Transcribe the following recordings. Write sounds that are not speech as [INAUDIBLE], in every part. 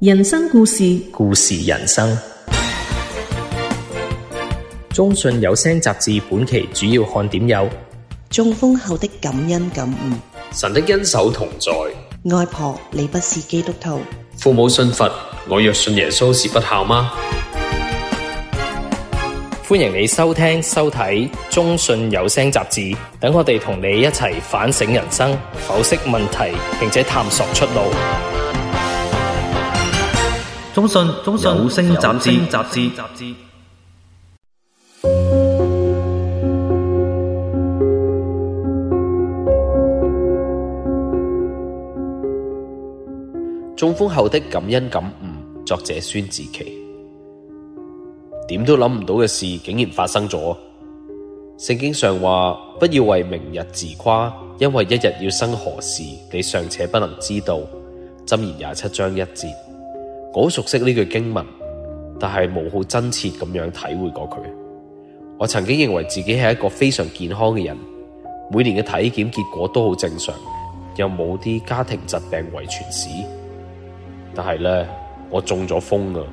人生故事，故事人生。中信有聲雜誌本期主要看點有：中風後的感恩感悟，神的恩手同在，外婆，你不是基督徒，父母信佛，我若信耶穌是不孝嗎？歡迎你收聽、收睇《中信有聲雜誌》，等我哋同你一齊反省人生，剖析問題，並且探索出路。中信，中信，有聲雜誌，雜誌。雜誌。中風後的感恩感悟，作者孫自琪。點都諗唔到嘅事竟然發生咗。聖經上話：不要為明日自誇，因為一日要生何事，你尚且不能知道。箴言廿七章一節。我好熟悉呢句經文，但係冇好真切咁樣體會過佢。我曾經認為自己係一個非常健康嘅人，每年嘅體檢結果都好正常，又冇啲家庭疾病遺傳史。但係咧，我中咗風啊！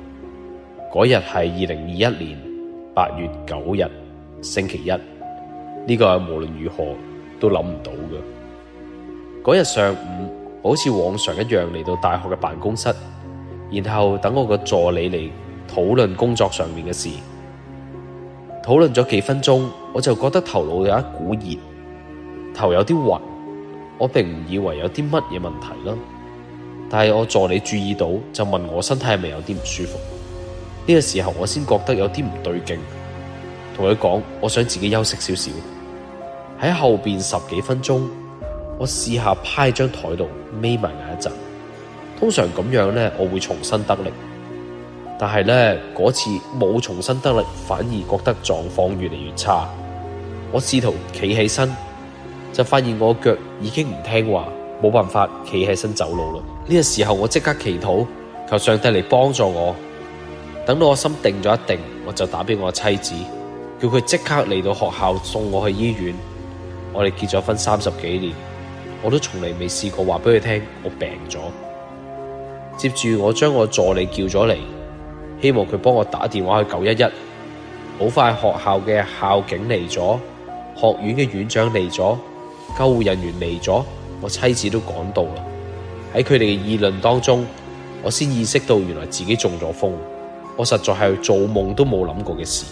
嗰日係二零二一年八月九日，星期一。呢、這個係無論如何都諗唔到嘅。嗰日上午，好似往常一樣嚟到大學嘅辦公室。然後等我個助理嚟，討論工作上面嘅事，討論咗幾分鐘，我就覺得頭腦有一股熱，頭有啲暈，我並唔以為有啲乜嘢問題啦。但係我助理注意到，就問我身體係咪有啲唔舒服。呢個時候我先覺得有啲唔對勁，同佢講我想自己休息少少。喺後邊十幾分鐘，我試下趴喺張台度眯埋眼一陣。通常咁樣咧，我會重新得力，但係咧，嗰次冇重新得力，反而覺得狀況越嚟越差。我試圖企起身，就發現我的腳已經唔聽話，冇辦法企起身走路啦。呢、這個時候我即刻祈禱，求上帝嚟幫助我。等到我心定咗一定，我就打俾我妻子，叫佢即刻嚟到學校送我去醫院。我哋結咗婚三十幾年，我都從嚟未試過話俾佢聽我病咗。接住，我將我助理叫咗嚟，希望佢幫我打電話去九一一。好快，學校嘅校警嚟咗，學院嘅院長嚟咗，救護人員嚟咗，我妻子都趕到啦。喺佢哋嘅議論當中，我先意識到原來自己中咗風。我實在係做夢都冇諗過嘅事。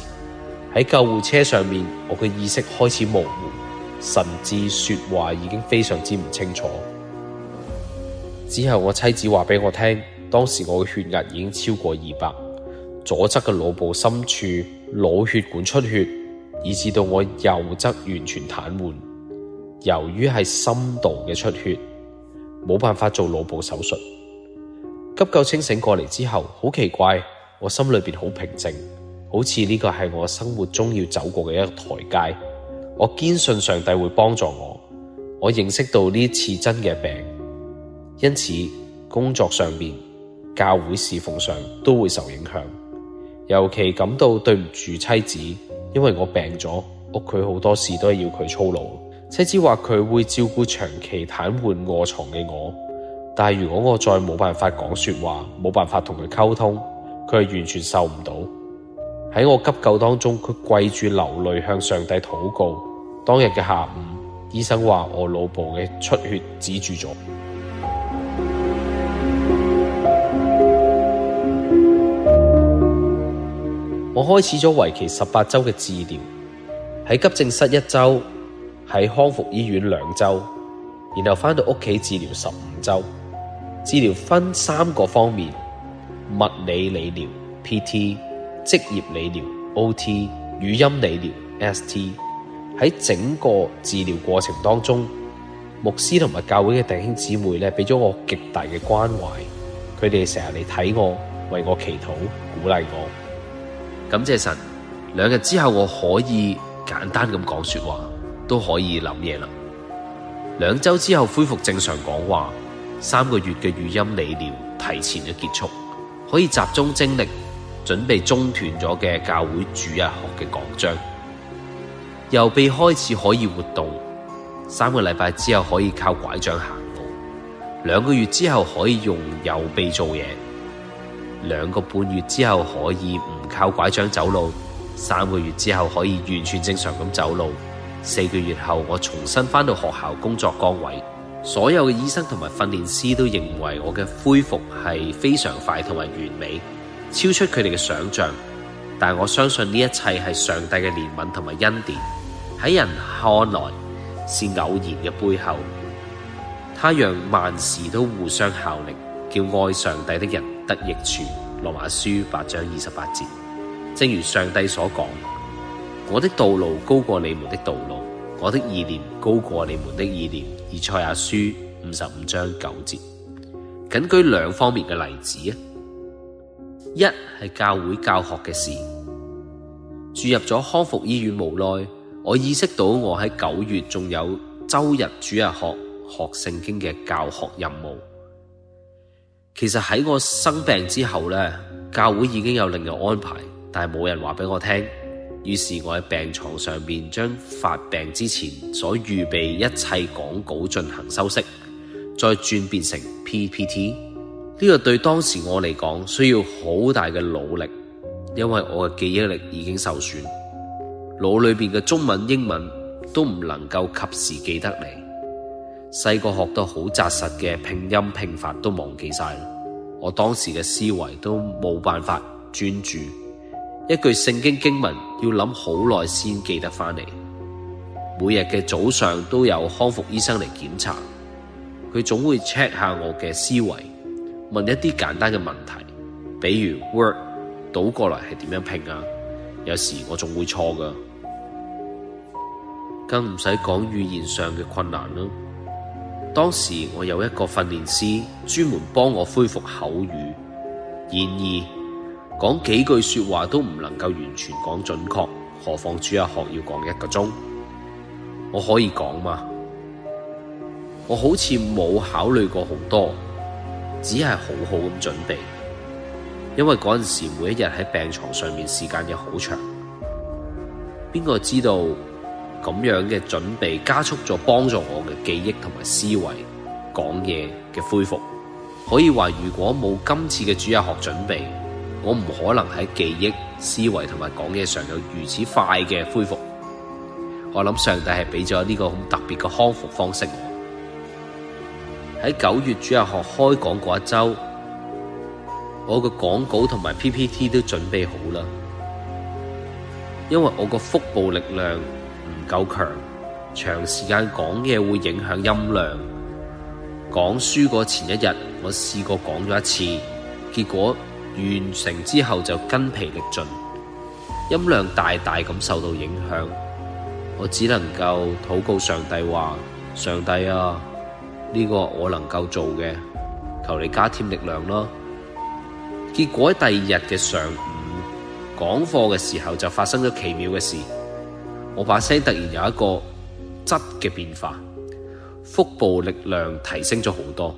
喺救護車上面，我嘅意識開始模糊，甚至說話已經非常之唔清楚。之後我妻子話俾我聽，當時我嘅血壓已經超過二百，左側嘅腦部深處腦血管出血，以致到我右側完全癱瘓。由於係深度嘅出血，冇辦法做腦部手術。急救清醒過嚟之後，好奇怪，我心裏邊好平靜，好似呢個係我生活中要走過嘅一個台階。我堅信上帝會幫助我。我認識到呢次真嘅病。因此，工作上面教會侍奉，上都會受影響。尤其感到對唔住妻子，因為我病咗，屋企好多事都係要佢操勞。妻子話佢會照顧長期癱瘓卧床嘅我，但係如果我再冇辦法講說話，冇辦法同佢溝通，佢係完全受唔到。喺我急救當中，佢跪住流淚向上帝禱告。當日嘅下午，醫生話我腦部嘅出血止住咗。我開始咗為期十八周嘅治療，喺急症室一周，喺康復醫院兩周，然後返到屋企治療十五周。治療分三個方面：物理理療 （PT）、職業理療 （OT）、語音理療 （ST）。喺整個治療過程當中，牧師同埋教會嘅弟兄姊妹咧，俾咗我極大嘅關懷，佢哋成日嚟睇我，為我祈禱，鼓勵我。感謝神，兩日之後我可以簡單咁講說話，都可以諗嘢啦。兩周之後恢復正常講話，三個月嘅語音理療提前咗結束，可以集中精力準備中斷咗嘅教會主日學嘅講章。右臂開始可以活動，三個禮拜之後可以靠拐杖行路，兩個月之後可以用右臂做嘢，兩個半月之後可以。靠拐杖走路三個月之後可以完全正常咁走路，四個月後我重新翻到學校工作崗位。所有嘅醫生同埋訓練師都認為我嘅恢復係非常快同埋完美，超出佢哋嘅想象。但我相信呢一切係上帝嘅憐憫同埋恩典。喺人看來是偶然嘅背後，他讓萬事都互相效力，叫愛上帝的人得益處。羅馬書八章二十八節。正如上帝所講，我的道路高過你們的道路，我的意念高過你們的意念。以賽亞書五十五章九節，僅舉兩方面嘅例子，一係教會教學嘅事。住入咗康復醫院，無奈我意識到我喺九月仲有周日主日學學聖經嘅教學任務。其實喺我生病之後呢，教會已經有另有安排。但係冇人話俾我聽，於是我喺病床上面將發病之前所預備一切講稿進行修飾，再轉變成 PPT。呢個對當時我嚟講需要好大嘅努力，因為我嘅記憶力已經受損，腦裏邊嘅中文、英文都唔能夠及時記得你。細個學到好扎實嘅拼音拼法都忘記晒。我當時嘅思維都冇辦法專注。一句聖經經文要諗好耐先記得翻嚟，每日嘅早上都有康復醫生嚟檢查，佢總會 check 下我嘅思維，問一啲簡單嘅問題，比如 word 倒過來係點樣拼啊？有時我仲會錯噶，更唔使講語言上嘅困難啦。當時我有一個訓練師專門幫我恢復口語，然而。講幾句說話都唔能夠完全講準確，何況主日學要講一個鐘，我可以講嗎？我好似冇考慮過好多，只係好好咁準備，因為嗰陣時每一日喺病床上面時間又好長，邊個知道咁樣嘅準備加速咗幫助我嘅記憶同埋思維講嘢嘅恢復？可以話如果冇今次嘅主日學準備。我唔可能喺記憶、思維同埋講嘢上有如此快嘅恢復，我諗上帝係畀咗呢個好特別嘅康復方式。喺九月主日學開講嗰一周，我個講稿同埋 PPT 都準備好啦。因為我個腹部力量唔夠強，長時間講嘢會影響音量。講書嗰前一日，我試過講咗一次，結果，完成之後就筋疲力盡，音量大大咁受到影響，我只能夠禱告上帝話：上帝啊，呢個我能夠做嘅，求你加添力量啦。結果喺第二日嘅上午講課嘅時候就發生咗奇妙嘅事，我把聲突然有一個質嘅變化，腹部力量提升咗好多。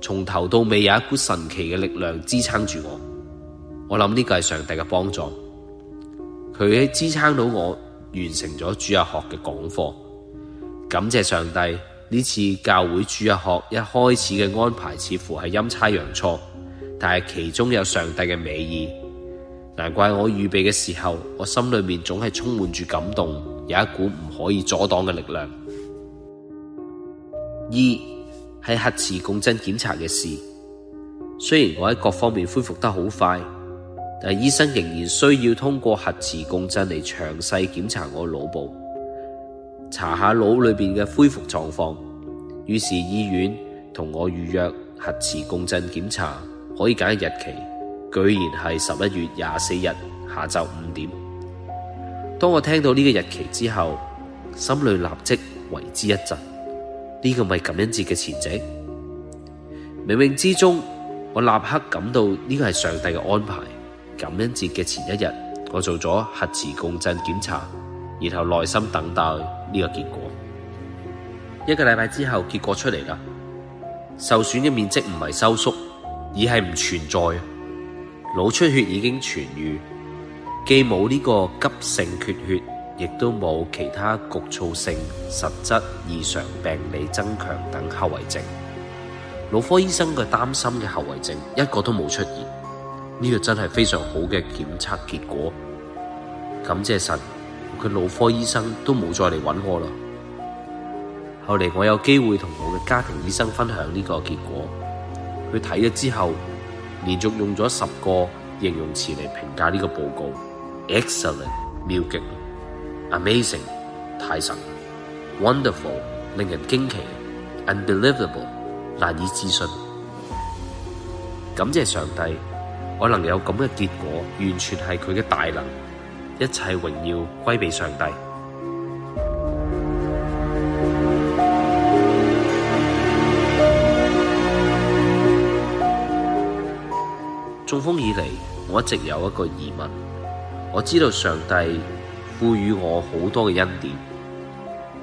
從頭到尾有一股神奇嘅力量支撐住我，我諗呢個係上帝嘅幫助，佢支撐到我完成咗主日學嘅講課，感謝上帝。呢次教會主日學一開始嘅安排似乎係陰差陽錯，但係其中有上帝嘅美意，難怪我預備嘅時候，我心裏面總係充滿住感動，有一股唔可以阻擋嘅力量。二係核磁共振檢查嘅事，雖然我喺各方面恢復得好快，但係醫生仍然需要通過核磁共振嚟詳細檢查我腦部，查下腦裏邊嘅恢復狀況。於是醫院同我預約核磁共振檢查，可以揀嘅日期，居然係十一月廿四日下晝五點。當我聽到呢個日期之後，心裏立即為之一震。呢個唔係感恩節嘅前夕，冥冥之中，我立刻感到呢個係上帝嘅安排。感恩節嘅前一日，我做咗核磁共振檢查，然後耐心等待呢個結果。一個禮拜之後，結果出嚟啦，受損嘅面積唔係收縮，而係唔存在。腦出血已經痊愈，既冇呢個急性缺血。亦都冇其他局促性、實質異常、病理增強等後遺症。腦科醫生嘅擔心嘅後遺症一個都冇出現，呢個真係非常好嘅檢測結果。感謝神，佢腦科醫生都冇再嚟揾我啦。後嚟我有機會同我嘅家庭醫生分享呢個結果，佢睇咗之後，連續用咗十個形容詞嚟評價呢個報告：excellent，妙極。Amazing，太神；wonderful，令人驚奇；unbelievable，難以置信。感謝上帝，我能有咁嘅結果，完全係佢嘅大能。一切榮耀歸畀上帝。中風以嚟，我一直有一個疑問，我知道上帝。賦予我好多嘅恩典，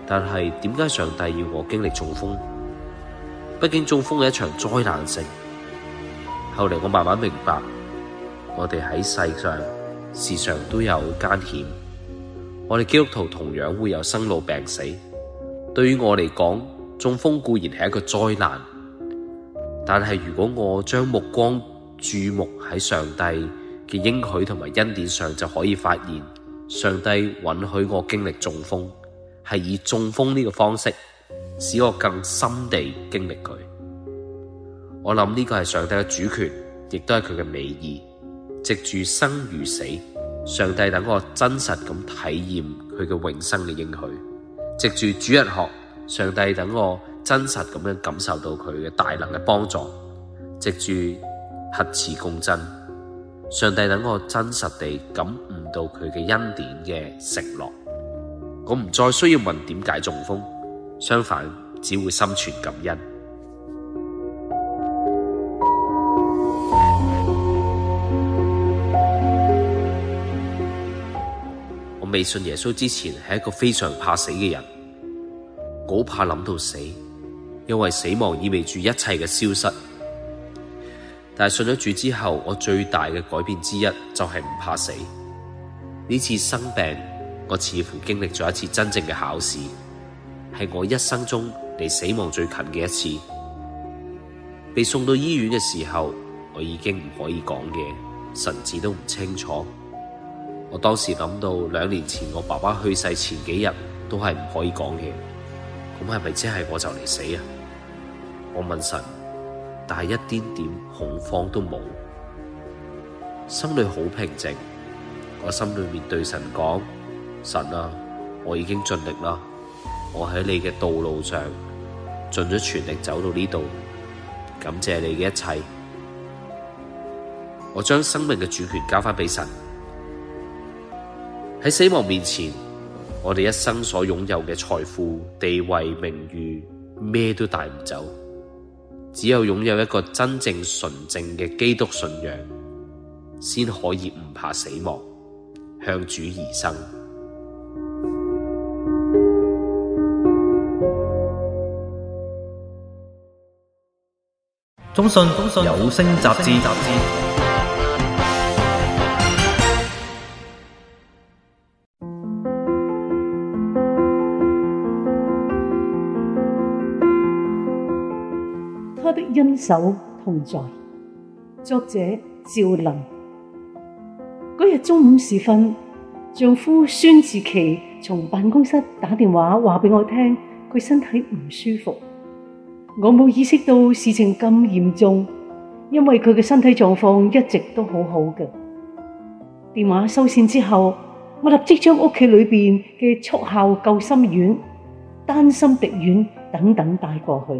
但係點解上帝要我經歷中風？畢竟中風係一場災難性。後嚟我慢慢明白，我哋喺世上時常都有艱險，我哋基督徒同樣會有生老病死。對於我嚟講，中風固然係一個災難，但係如果我將目光注目喺上帝嘅應許同埋恩典上，就可以發現。上帝允許我經歷中風，係以中風呢個方式，使我更深地經歷佢。我諗呢個係上帝嘅主權，亦都係佢嘅美意。藉住生與死，上帝等我真實咁體驗佢嘅永生嘅應許；藉住主日學，上帝等我真實咁樣感受到佢嘅大能嘅幫助；藉住核磁共振，上帝等我真實地感悟到佢嘅恩典嘅承諾，我唔再需要問點解中風，相反只會心存感恩。 [MUSIC] 我未信耶穌之前係一個非常怕死嘅人，好怕諗到死，因為死亡意味住一切嘅消失。但係信咗主之後，我最大嘅改變之一就係唔怕死。呢次生病，我似乎經歷咗一次真正嘅考試，係我一生中離死亡最近嘅一次。被送到醫院嘅時候，我已經唔可以講嘢，神志都唔清楚。我當時諗到兩年前我爸爸去世前幾日都係唔可以講嘢，咁係咪即係我就嚟死啊？我問神。但係一啲點點恐慌都冇，心裏好平靜。我心裏面對神講：神啊，我已經盡力啦，我喺你嘅道路上盡咗全力走到呢度，感謝你嘅一切。我將生命嘅主權交翻俾神。喺死亡面前，我哋一生所擁有嘅財富、地位、名譽，咩都帶唔走。只有擁有一個真正純正嘅基督信仰，先可以唔怕死亡，向主而生。中信，中信有聲雜誌雜誌。因恩同在，作者趙琳。嗰日中午時分，丈夫孫自琪從辦公室打電話話俾我聽，佢身體唔舒服。我冇意識到事情咁嚴重，因為佢嘅身體狀況一直都好好嘅。電話收線之後，我立即將屋企裏邊嘅速效救心丸、丹心滴丸等等帶過去。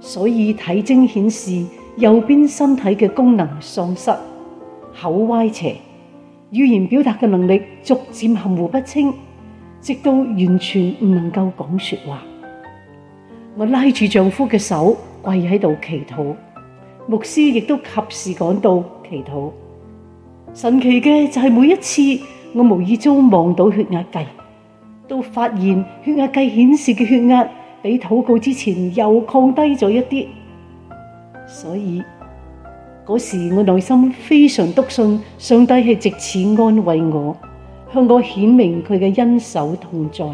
所以體徵顯示右邊身體嘅功能喪失，口歪斜，語言表達嘅能力逐漸含糊不清，直到完全唔能夠講說話。我拉住丈夫嘅手跪喺度祈禱，牧師亦都及時趕到祈禱。神奇嘅就係每一次我無意中望到血壓計，都發現血壓計顯示嘅血壓。比禱告之前又降低咗一啲，所以嗰時我內心非常篤信上帝係借此安慰我，向我顯明佢嘅恩手同在。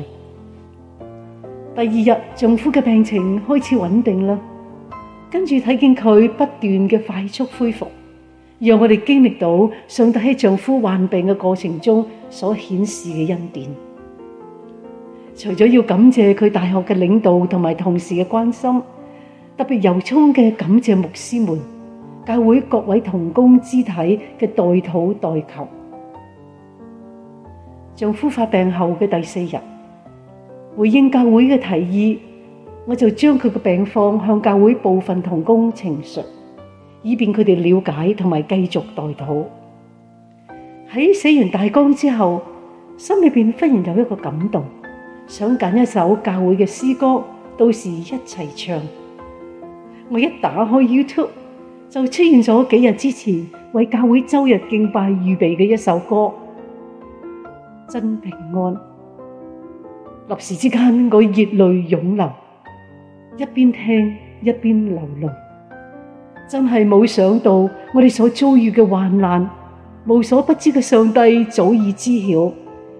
第二日丈夫嘅病情開始穩定啦，跟住睇見佢不斷嘅快速恢復，讓我哋經歷到上帝喺丈夫患病嘅過程中所顯示嘅恩典。除咗要感謝佢大學嘅領導同埋同事嘅關心，特別由衷嘅感謝牧師們、教會各位同工肢體嘅代禱代求。丈夫發病後嘅第四日，回應教會嘅提議，我就將佢嘅病況向教會部分同工陳述，以便佢哋了解同埋繼續代禱。喺寫完大綱之後，心裏面忽然有一個感動。想揀一首教會嘅詩歌，到時一齊唱。我一打開 YouTube，就出現咗幾日之前為教會周日敬拜預備嘅一首歌《真平安》，立時之間，我熱淚湧流，一邊聽一邊流淚，真係冇想到，我哋所遭遇嘅患難，無所不知嘅上帝早已知曉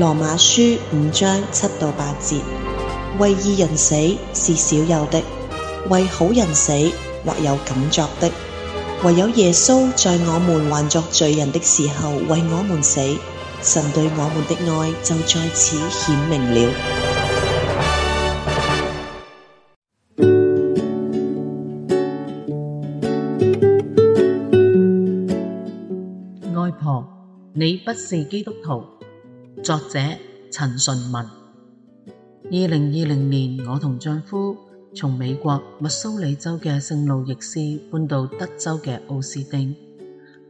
羅馬書五章七到八節，為義人死是少有的，為好人死或有敢作的，唯有耶穌在我們還作罪人的時候為我們死，神對我們的愛就在此顯明了。外婆，你不是基督徒。作者陳純民，二零二零年，我同丈夫從美國密蘇里州嘅聖路易斯搬到德州嘅奧斯丁，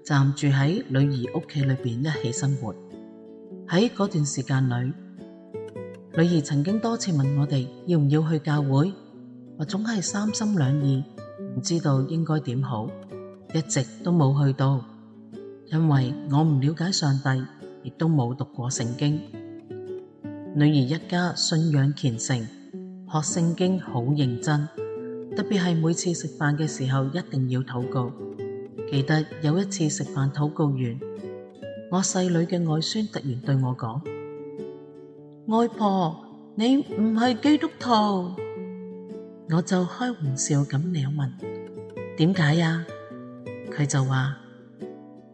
暫住喺女兒屋企裏邊一起生活。喺嗰段時間裏，女兒曾經多次問我哋要唔要去教會，我總係三心兩意，唔知道應該點好，一直都冇去到，因為我唔了解上帝。亦都冇讀過聖經，女兒一家信仰虔誠，學聖經好認真，特別係每次食飯嘅時候一定要禱告。記得有一次食飯禱告完，我細女嘅外孫突然對我講：外婆，你唔係基督徒。我就開玩笑咁問：點解呀？佢就話。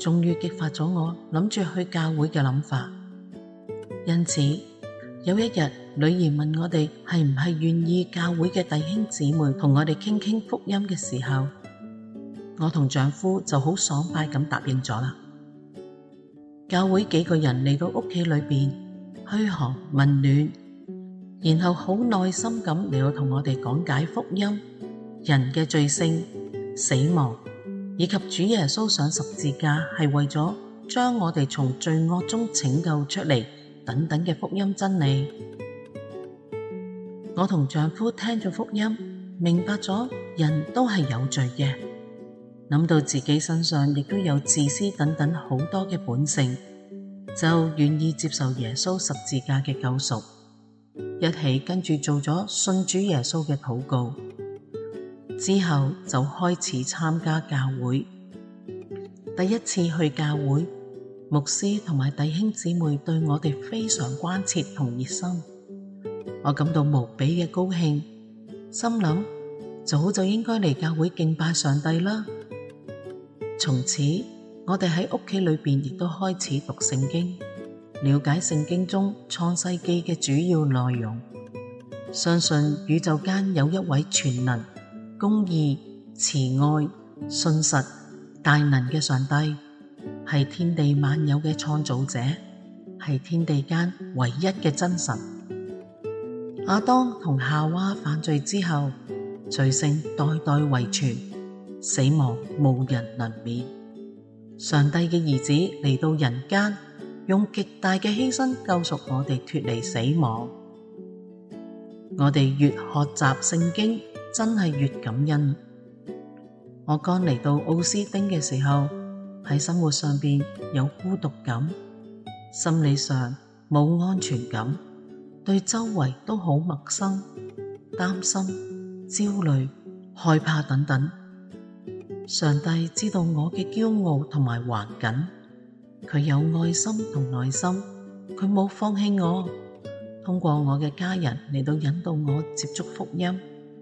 終於激發咗我諗住去教會嘅諗法，因此有一日，女兒問我哋係唔係願意教會嘅弟兄姊妹同我哋傾傾福音嘅時候，我同丈夫就好爽快咁答應咗啦。教會幾個人嚟到屋企裏面噓寒問暖，然後好耐心咁嚟到同我哋講解福音，人嘅罪性，死亡。以及主耶穌上十字架係為咗將我哋從罪惡中拯救出嚟，等等嘅福音真理。我同丈夫聽咗福音，明白咗人都係有罪嘅，諗到自己身上亦都有自私等等好多嘅本性，就願意接受耶穌十字架嘅救贖，一起跟住做咗信主耶穌嘅禱告。之後就開始參加教會。第一次去教會，牧師同埋弟兄姊妹對我哋非常關切同熱心，我感到無比嘅高興，心諗早就應該嚟教會敬拜上帝啦。從此我哋喺屋企裏邊亦都開始讀聖經，了解聖經中創世記嘅主要內容，相信宇宙間有一位全能。公義、慈愛、信實、大能嘅上帝，係天地萬有嘅創造者，係天地間唯一嘅真神。亞當同夏娃犯罪之後，罪性代代遺傳，死亡無人能免。上帝嘅兒子嚟到人間，用極大嘅犧牲救贖我哋脱離死亡。我哋越學習聖經。真係越感恩。我剛嚟到奧斯丁嘅時候，喺生活上面有孤獨感，心理上冇安全感，對周圍都好陌生，擔心、焦慮、害怕等等。上帝知道我嘅驕傲同埋頑梗，佢有愛心同耐心，佢冇放棄我。通過我嘅家人嚟到引導我接觸福音。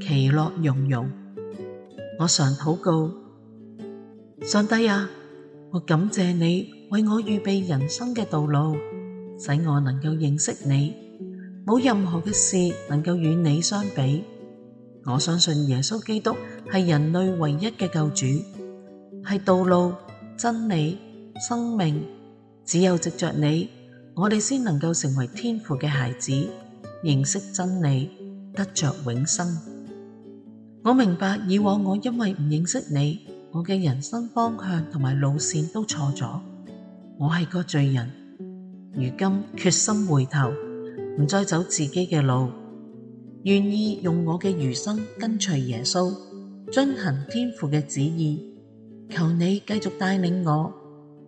其樂融融，我常禱告，上帝啊，我感謝你為我預備人生嘅道路，使我能夠認識你。冇任何嘅事能夠與你相比。我相信耶穌基督係人類唯一嘅救主，係道路、真理、生命。只有藉着你，我哋先能夠成為天父嘅孩子，認識真理，得着永生。我明白以往我因為唔認識你，我嘅人生方向同埋路線都錯咗，我係個罪人。如今決心回頭，唔再走自己嘅路，願意用我嘅餘生跟隨耶穌，遵行天父嘅旨意。求你繼續帶領我，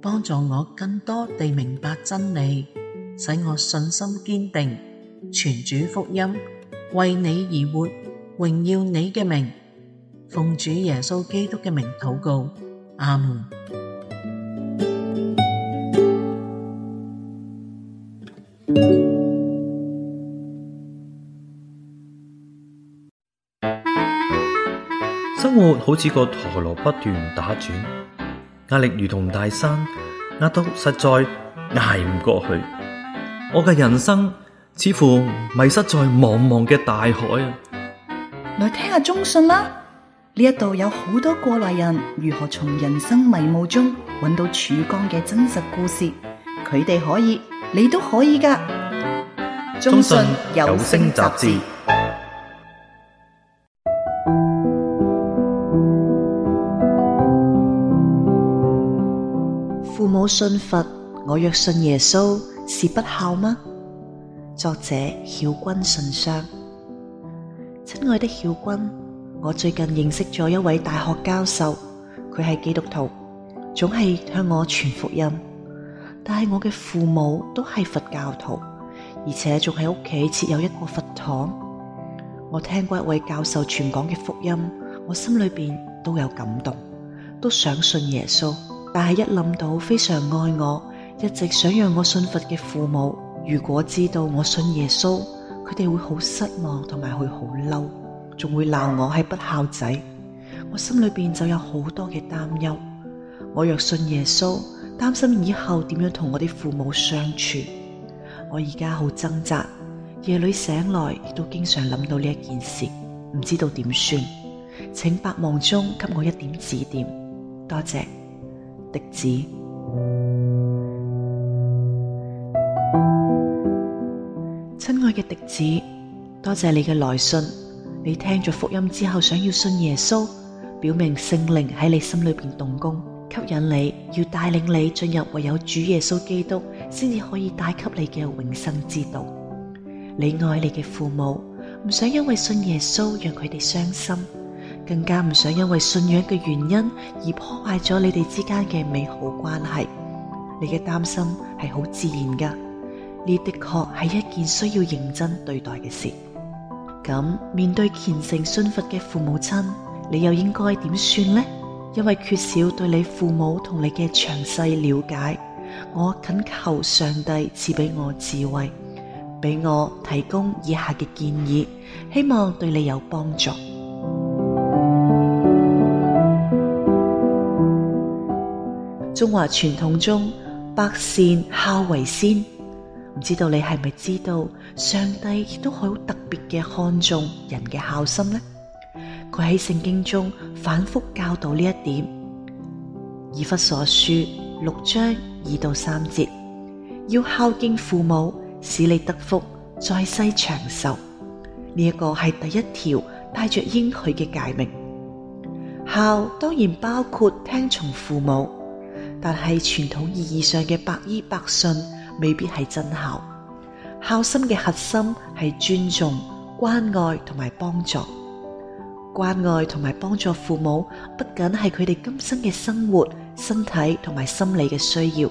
幫助我更多地明白真理，使我信心堅定。傳主福音，為你而活。榮耀你嘅名，奉主耶穌基督嘅名，禱告，阿門。生活好似個陀螺不斷打轉，壓力如同大山，壓到實在挨唔過去。我嘅人生似乎迷失在茫茫嘅大海。來聽下中信啦！呢一度有好多過來人如何從人生迷霧中揾到曙光嘅真實故事，佢哋可以，你都可以噶。中信有聲雜誌。父母信佛，我若信耶穌是不孝嗎？作者曉君信箱。親愛的曉君，我最近認識咗一位大學教授，佢係基督徒，總係向我傳福音。但係我嘅父母都係佛教徒，而且仲喺屋企設有一個佛堂。我聽過一位教授傳講嘅福音，我心裏面都有感動，都想信耶穌。但係一諗到非常愛我，一直想讓我信佛嘅父母，如果知道我信耶穌，佢哋會好失望，同埋佢好嬲，仲會鬧我係不孝仔。我心裏邊就有好多嘅擔憂。我若信耶穌，擔心以後點樣同我啲父母相處。我而家好掙扎，夜裏醒來亦都經常諗到呢一件事，唔知道點算。請百忙中給我一點指點，多謝，弟子。親愛嘅弟子，多謝你嘅來信。你聽咗福音之後想要信耶穌，表明聖靈喺你心裏邊動工，吸引你，要帶領你進入唯有主耶穌基督先至可以帶給你嘅永生之道。你愛你嘅父母，唔想因為信耶穌讓佢哋傷心，更加唔想因為信仰嘅原因而破壞咗你哋之間嘅美好關係。你嘅擔心係好自然噶。呢的確係一件需要認真對待嘅事。咁面對虔誠信佛嘅父母親，你又應該點算呢？因為缺少對你父母同你嘅詳細了解，我懇求上帝賜畀我智慧，俾我提供以下嘅建議，希望對你有幫助。 [MUSIC] 中華傳統中，百善孝為先。唔知道你係咪知道上帝亦都好特別嘅看重人嘅孝心呢？佢喺聖經中反覆教導呢一點。以弗所書六章二到三節，要孝敬父母，使你得福，在世長壽。呢、這、一個係第一條帶着應許嘅誡命。孝當然包括聽從父母，但係傳統意義上嘅百依百順，未必係真孝，孝心嘅核心係尊重、關愛同埋幫助。關愛同埋幫助父母，不僅係佢哋今生嘅生活、身體同埋心理嘅需要，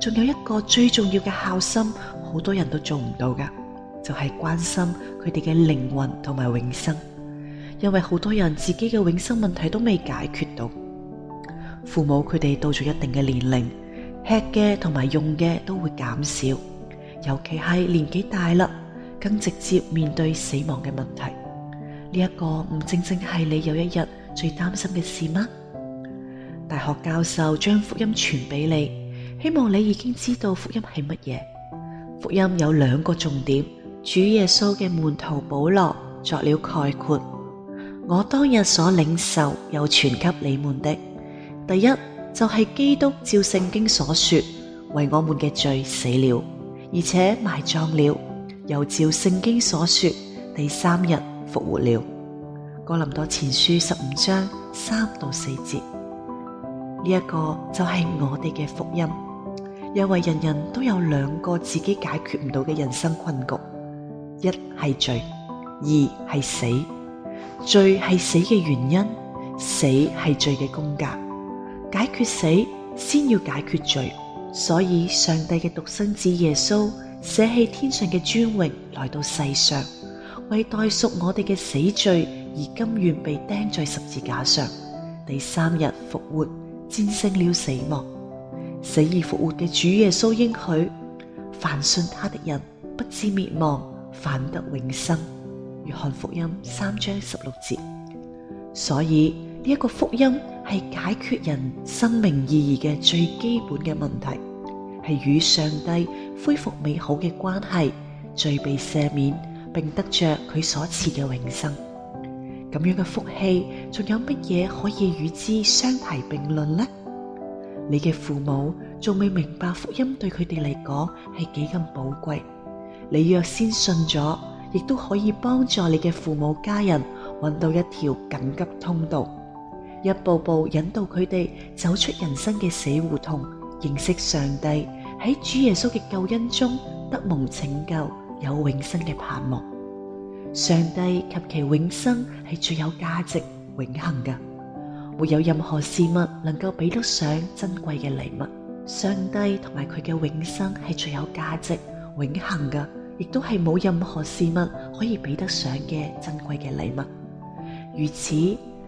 仲有一個最重要嘅孝心，好多人都做唔到噶，就係關心佢哋嘅靈魂同埋永生。因為好多人自己嘅永生問題都未解決到，父母佢哋到咗一定嘅年齡。吃嘅同埋用嘅都會減少，尤其係年紀大啦，更直接面對死亡嘅問題。呢一個唔正正係你有一日最擔心嘅事嗎？大學教授將福音傳俾你，希望你已經知道福音係乜嘢。福音有兩個重點，主耶穌嘅門徒保羅作了概括。我當日所領受有傳給你們的，第一。就係基督照聖經所說，為我們嘅罪死了，而且埋葬了，又照聖經所說，第三日復活了。哥林多前書十五章三到四節，呢、這、一個就係我哋嘅福音。因為人人都有兩個自己解決唔到嘅人生困局，一係罪，二係死。罪係死嘅原因，死係罪嘅工價。解決死先要解決罪，所以上帝嘅獨生子耶穌捨棄天上嘅尊榮來到世上，為代贖我哋嘅死罪而甘願被釘在十字架上，第三日復活，戰勝了死亡。死而復活嘅主耶穌應許，凡信他的人不致滅亡，反得永生。約翰福音三章十六節。所以，呢一個福音係解決人生命意義嘅最基本嘅問題，係與上帝恢復美好嘅關係，罪被赦免，並得着佢所賜嘅永生。咁樣嘅福氣，仲有乜嘢可以與之相提並論呢？你嘅父母仲未明白福音對佢哋嚟講係幾咁寶貴，你若先信咗，亦都可以幫助你嘅父母家人揾到一條緊急通道。一步步引導佢哋走出人生嘅死胡同，認識上帝喺主耶穌嘅救恩中得蒙拯救，有永生嘅盼望。上帝及其永生係最有價值、永恒嘅，沒有任何事物能夠比得上珍貴嘅禮物。上帝同埋佢嘅永生係最有價值、永恒嘅，亦都係冇任何事物可以比得上嘅珍貴嘅禮物。如此。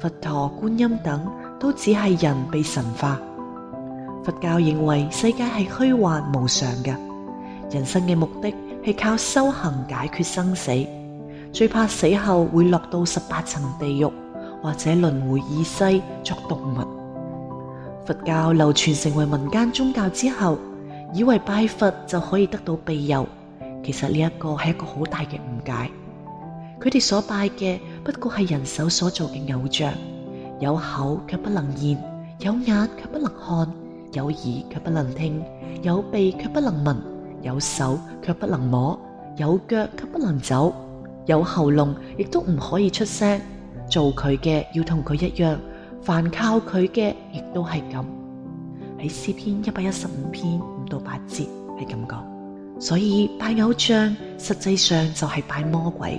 佛陀、觀音等都只係人被神化。佛教認為世界係虛幻無常嘅，人生嘅目的係靠修行解決生死，最怕死後會落到十八層地獄或者輪迴異世作動物。佛教流傳成為民間宗教之後，以為拜佛就可以得到庇佑，其實呢一個係一個好大嘅誤解。佢哋所拜嘅，不過係人手所做嘅偶像，有口卻不能言，有眼卻不能看，有耳卻不能聽，有鼻卻不能聞，有手卻不能摸，有腳卻不能走，有喉嚨亦都唔可以出聲。做佢嘅要同佢一樣，凡靠佢嘅亦都係咁。喺詩篇一百一十五篇五到八節係咁講，所以拜偶像實際上就係拜魔鬼。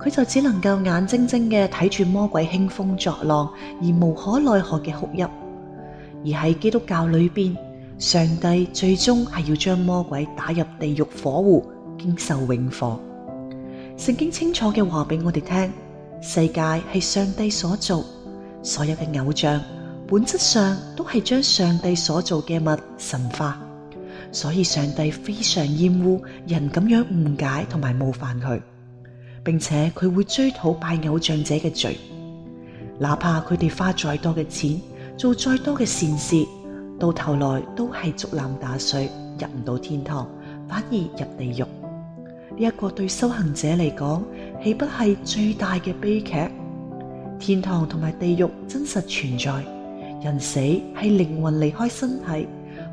佢就只能夠眼睜睜嘅睇住魔鬼興風作浪，而無可奈何嘅哭泣。而喺基督教裏邊，上帝最終係要將魔鬼打入地獄火湖，經受永火。聖經清楚嘅話俾我哋聽，世界係上帝所造，所有嘅偶像本質上都係將上帝所造嘅物神化，所以上帝非常厭惡人咁樣誤解同埋冒犯佢。並且佢會追討拜偶像者嘅罪，哪怕佢哋花再多嘅錢，做再多嘅善事，到頭來都係竹籃打水，入唔到天堂，反而入地獄。呢一個對修行者嚟講，豈不係最大嘅悲劇？天堂同埋地獄真實存在，人死係靈魂離開身體，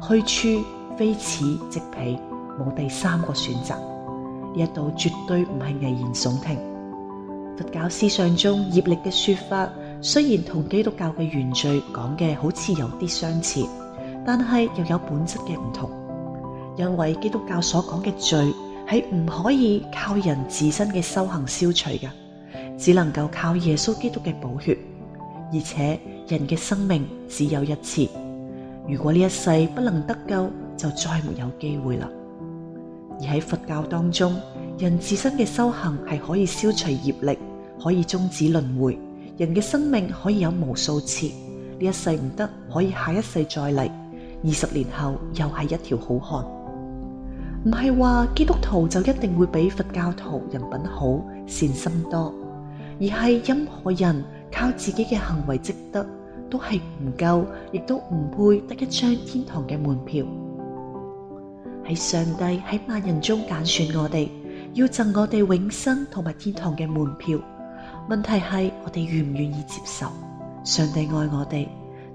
去處非此即彼，冇第三個選擇。呢一度絕對唔係危言聳聽。佛教思想中業力嘅說法，雖然同基督教嘅原罪講嘅好似有啲相似，但係又有本質嘅唔同。因為基督教所講嘅罪係唔可以靠人自身嘅修行消除噶，只能夠靠耶穌基督嘅寶血。而且人嘅生命只有一次，如果呢一世不能得救，就再沒有機會啦。而喺佛教當中，人自身嘅修行係可以消除業力，可以終止輪回。人嘅生命可以有無數次，呢一世唔得，可以下一世再嚟。二十年後又係一條好漢，唔係話基督徒就一定會比佛教徒人品好、善心多，而係任何人靠自己嘅行為積德都係唔夠，亦都唔配得一張天堂嘅門票。係上帝喺萬人中揀選我哋，要贈我哋永生同埋天堂嘅門票。問題係我哋願唔願意接受？上帝愛我哋，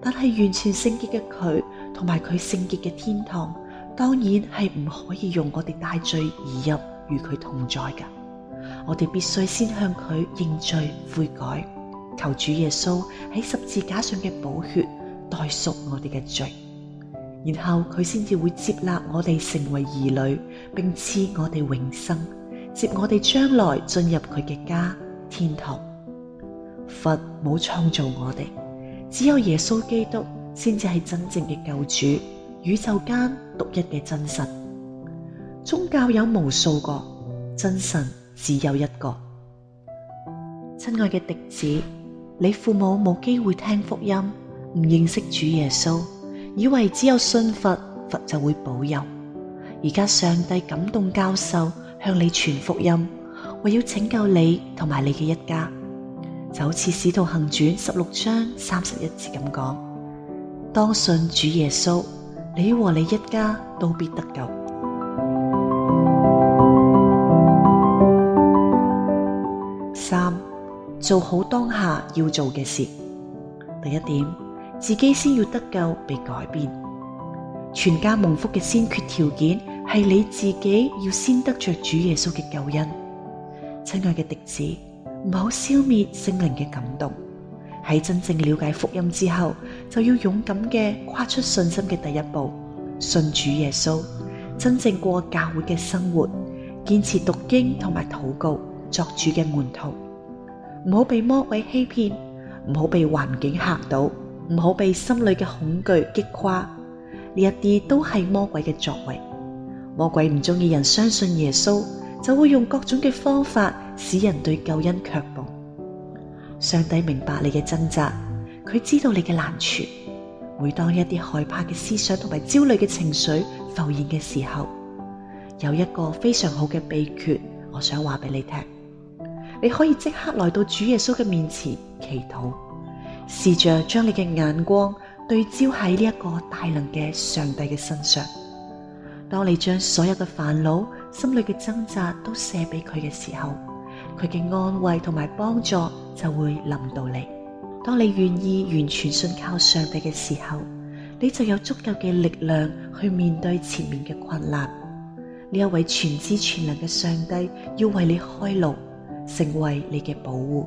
但係完全聖潔嘅佢同埋佢聖潔嘅天堂，當然係唔可以用我哋帶罪而入與佢同在噶。我哋必須先向佢認罪悔改，求主耶穌喺十字架上嘅寶血代贖我哋嘅罪。然後佢先至會接納我哋成為兒女，並賜我哋永生，接我哋將來進入佢嘅家天堂。佛冇創造我哋，只有耶穌基督先至係真正嘅救主，宇宙間獨一嘅真神。宗教有無數個，真神只有一個。親愛嘅弟子，你父母冇機會聽福音，唔認識主耶穌。以為只有信佛，佛就會保佑。而家上帝感動教授向你傳福音，為要拯救你同埋你嘅一家，就好似使徒行傳十六章三十一節咁講：當信主耶穌，你和你一家都必得救。三，做好當下要做嘅事。第一點。自己先要得救，被改變，全家蒙福嘅先決條件係你自己要先得着主耶穌嘅救恩。親愛嘅弟子，唔好消滅聖靈嘅感動。喺真正了解福音之後，就要勇敢嘅跨出信心嘅第一步，信主耶穌，真正過教會嘅生活，堅持讀經同埋禱告，作主嘅門徒。唔好被魔鬼欺騙，唔好被環境嚇到。唔好被心裏嘅恐懼擊垮，呢一啲都係魔鬼嘅作為。魔鬼唔中意人相信耶穌，就會用各種嘅方法使人對救恩卻步。上帝明白你嘅掙扎，佢知道你嘅難處。每當一啲害怕嘅思想同埋焦慮嘅情緒浮現嘅時候，有一個非常好嘅秘訣，我想話俾你聽。你可以即刻來到主耶穌嘅面前祈禱。試着將你嘅眼光對焦喺呢一個大能嘅上帝嘅身上。當你將所有嘅煩惱、心裏嘅掙扎都卸俾佢嘅時候，佢嘅安慰同埋幫助就會臨到你。當你願意完全信靠上帝嘅時候，你就有足夠嘅力量去面對前面嘅困難。呢位全知全能嘅上帝要為你開路，成為你嘅保護。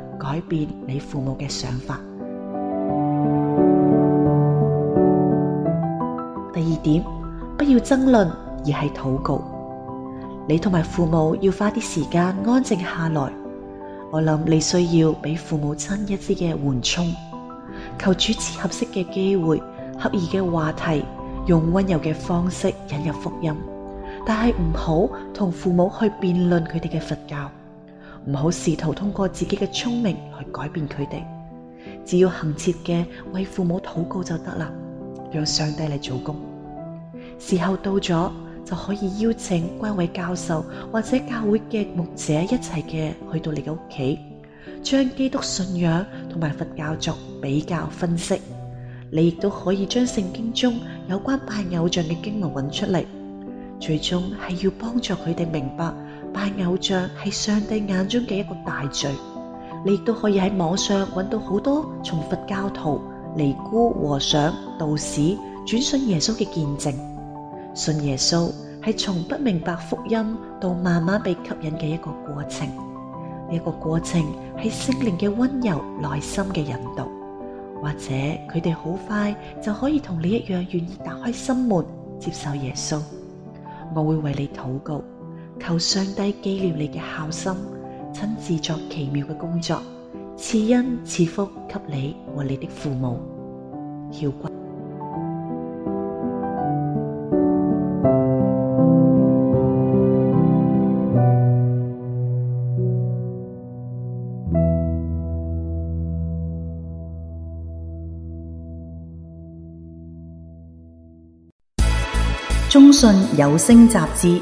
改變你父母嘅想法。第二點，不要爭論，而係禱告。你同埋父母要花啲時間安靜下來。我諗你需要俾父母親一啲嘅緩衝，求主賜合適嘅機會、合宜嘅話題，用溫柔嘅方式引入福音。但係唔好同父母去辯論佢哋嘅佛教。唔好試圖通過自己嘅聰明嚟改變佢哋，只要恒切嘅為父母禱告就得啦，讓上帝嚟做工。時候到咗，就可以邀請關位教授或者教會嘅牧者一齊嘅去到你嘅屋企，將基督信仰同埋佛教作比較分析。你亦都可以將聖經中有關拜偶像嘅經文揾出嚟，最終係要幫助佢哋明白。拜偶像係上帝眼中嘅一個大罪，你亦都可以喺網上揾到好多從佛教徒、尼姑、和尚、道士轉信耶穌嘅見證。信耶穌係從不明白福音到慢慢被吸引嘅一個過程，呢個過程係聖靈嘅溫柔、耐心嘅引導，或者佢哋好快就可以同你一樣願意打開心門接受耶穌。我會為你禱告。求上帝記念你嘅孝心，親自作奇妙嘅工作，賜恩賜福給你和你的父母。曉君。中信有聲雜誌。